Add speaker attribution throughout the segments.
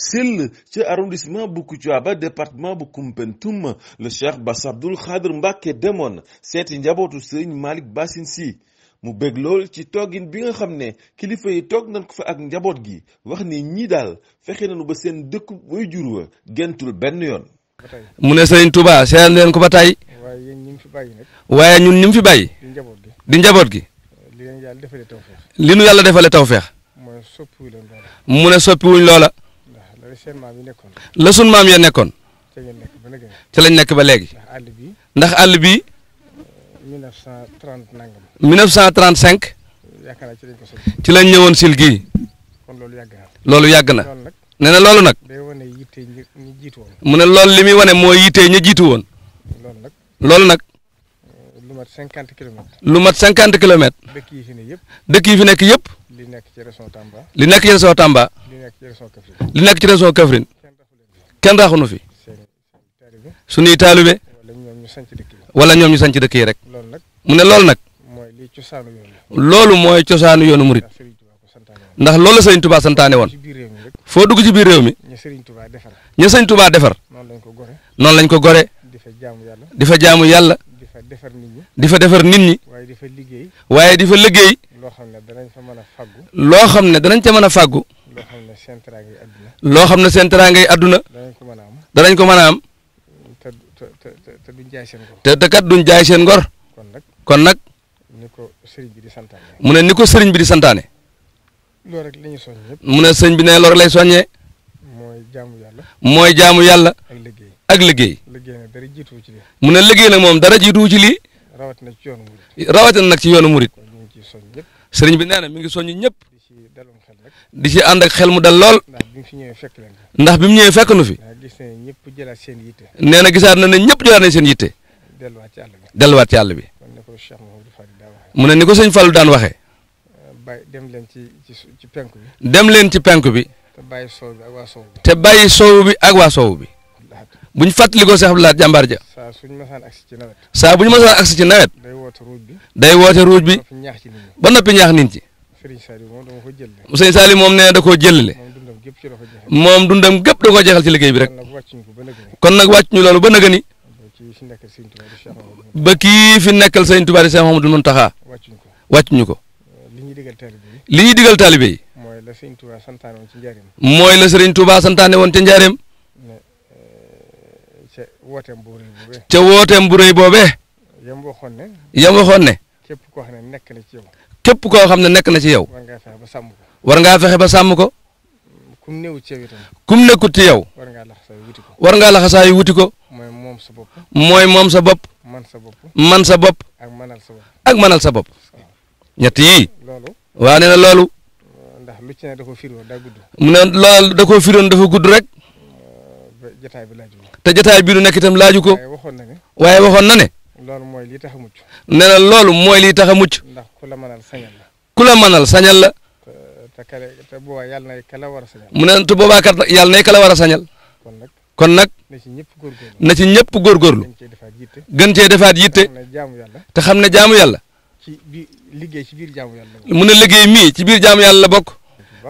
Speaker 1: sell ci arrondissement bu Kuccuaba département bu Koumpentoum le cheikh Bass Abdoul Khadr Mbacke demoon seeti njabootu sëriñ Malick Bassine si mu bég lool ci toggin bi nga xam ne kilifa yi toog nañ ko fa ak njaboot gi wax ni ñii daal fexe nañu ba seen dëkku way jur wa gentul benn yoon.
Speaker 2: mu ne sëriñ tubaa seetal leen ko ba tey. waaye ñun fi bàyyi nag. waaye ñun ñi fi bàyyi. di njaboot gi di njaboot gi. li nu yàlla defalee tawfeex. li yàlla defalee tawfeex. mu ne soppiwuñ mu ne soppiwuñ loola. la sun maam ya nekkoon. ci lañ nekk ba léegi. ndax àll bi.
Speaker 3: 1930 eh,
Speaker 2: nangam. 1935. ci lañ ñëwoon sil gii. loolu yàgg na. nee na loolu nag. mu lool li muy wane moo yitte ña jiitu woon. loolu nag. Eh,
Speaker 3: lu mat cinquante
Speaker 2: kilomètres. lu mat cinquante kilomètres. dëkk yi fi nekk yëpp. li nekk ci région Tamba. nekk ci région Tamba. li nekk ci région Kaffrine kenn raxunu fi suñuy taalube wala ñoom ñu sanc dëkk yi rek mu ne loolu nag loolu mooy cosaanu yoonu murit ndax loolu la sëriñ Touba santaane woon foo dugg ci biir réew mi ña sëriñ Touba defar noonu lañ ko gore di fa jaamu yàlla di fa defar nit ñi waaye di fa liggéey loo xam ne danañ ca mën a fàggu loo xam ne seen teraangay àdduna danañ ko mën a am te te kat duñ jaay seen ngor kon nag mu ne ni ko sëriñ bi di santaane mu ne sëriñ bi ne loolu lay soññee mooy jaamu yàlla ak liggéey mu ne liggéey nag moom dara jiituwu ci lii rawatina nag ci yoonu murit sëriñ bi nee na mi ngi soññ ñëpp di si ànd ak xel mu dal lool. ndax bi mu fi ñëwee fekk leen ndax mu ñëwee fekk nu fi. nee na gisaat na ne ñëpp jëlaat nañ seen yitte. delluwaat ci àll bi delluwaat ci àll bi. mu ne ni ko sëñ Fallou daan waxee. Euh, dem leen ci ci penk bi. dem leen ci penk bi. te bàyyi soow bi ak waa soow bi. te bàyyi soow bi ak waa soow bi. bu ñu fàttali ko Cheikh Abdoulaye jàmbaar ja. saa bu ñu masaan agsi ci nawet. saa bu ñu masaan agsi ci nawet. day woote ruuj bi. day woote ruuj bi. ba noppi ñaax nit ci sëriñ Saliou moom nee na da koo jëlale moom dundam gépp da koo jeexal ci liggéey bi rek kon nag wàcc ñu loolu ba nëgë ni ba kii fi nekkal sëriñ Tuubaa di Cheikh Mouhamadou Mountakha wàcc ñu ko li ñuy digal taalibe yi mooy la sëriñ Tuubaa santaane woon ca njaareem eh,
Speaker 3: ca wooteem bu
Speaker 2: boobe boobee yam waxoon ne
Speaker 3: képp koo xam ne nekk na
Speaker 2: ci yow képp koo xam ne nekk na ci yow. war ngaa fexe ba sàmm ko. war ngaa fexe ba sàmm ko.
Speaker 3: kum nekkut ci yow itam.
Speaker 2: kum ci yow. war ngaa laxasaayu wuti war ngaa laxasaayu wuti ko. mooy moom sa bopp. mooy moom sa bopp. man sa bopp. man sa bopp. ak manal sa bopp. ak manal sa bopp. ñett loolu. waa nee na loolu.
Speaker 3: ndax lu ci ne da koo firoon daa
Speaker 2: mu ne loolu da koo firoon dafa gudd rek. jotaay bi laaju ko. te jotaay bi du nekk itam laaju ko. waaye waxoon na ne. waaye waxoon na ne. loolu mooy lii tax tax a mucc. ku la mënal sañal la. ku la mënal sañal la. te kale te boobaa yàlla nay kala war a sañal. mu ne te boobaa kat yàlla nay kala war a sañal. kon nag kon nag na ci ñëpp góorgóorlu. gën cee defaat yitte. te xam ne jaamu yàlla. ci
Speaker 3: bi liggéey ci biir jaamu yàlla.
Speaker 2: mu ne liggéey mii ci biir jaamu yàlla la bokk.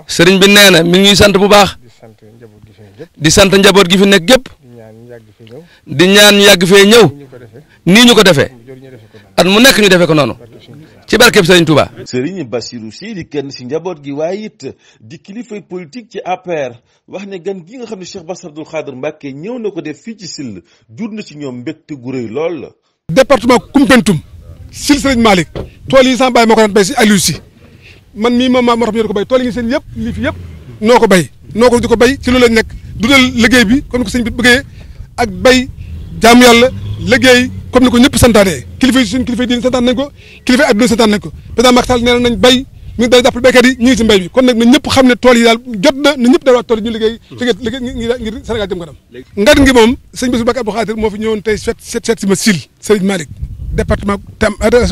Speaker 2: sëriñ bi nee na mi ngi sant bu baax. di sant njaboot gi fi nekk gépp di ñaan yàgg fee ñëw. nii ñu ko defee. at mu nekk ñu defee ko noonu. ci barkeb Sëriñ Touba.
Speaker 1: Serigne Bassirou Sy di kenn si njaboot gi waaye it di kilifay politique ci APR wax ne gan gi nga xam ne Cheikh Bass Abdou Khadre Mbacké ñëw na ko def fii ci Sile jur na ci ñoom mbégte gu rëy lool la. département Koumpentoum Sile
Speaker 3: Serigne tool yi sama baay moo ko daan béy si Aliou Sy man mii moom maa moo tax ñu ko béy tool yi seen yëpp lii fi yëpp noo ko bay noo ko di ko béy ci loolu lañ nekk dundal liggéey bi comme ni ko sëñ bi bëggee ak béy jaamu yàlla liggéey. comme ni ko ñëpp santaane kilifa yi suñu kilifa yi diine santaan ko kilifa adduna santaan nañ ko président Macky Sall nee bay mi ngi day jàppale béykat yi ñu si mbay bi kon nag na ñëpp xam tool yi jot na na ñëpp dawaat tool yi ñu liggéey liggéey ngir Sénégal jëm kanam ngat ngi moom sëñ si ma sil Serigne Malick euh,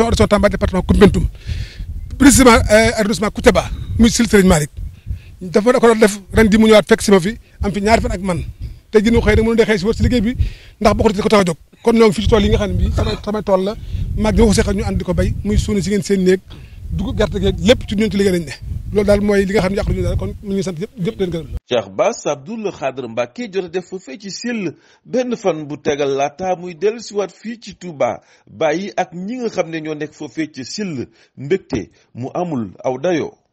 Speaker 3: sil Serigne Malick dafa ko doon def ren ji mu ñëwaat fekk si ma fi am fi ñaari fan ak man tey jii ñu xëy nag mënu dee xëy si liggéey kon ñoo ngi fi ci tool yi nga xam ne bii samay samay tool la mag ñoo ko seqal ñu ànd ko béy muy suuna si ngeen seen néeg dugub gerte geeg lépp ci ñun ci liggéey lañ ne loolu daal mooy li nga xam ne yàqu ñu daal kon ñu ngi sant yëpp yëpp leen gërëm
Speaker 1: Cheikh Bass Abdoul Khadr a def fa fee ci sell benn fan bu tegal laata muy dellusiwaat fii ci Touba bàyyi ak ñi nga xam ne ñoo nekk fa fee ci sell mbégte mu amul aw dayoo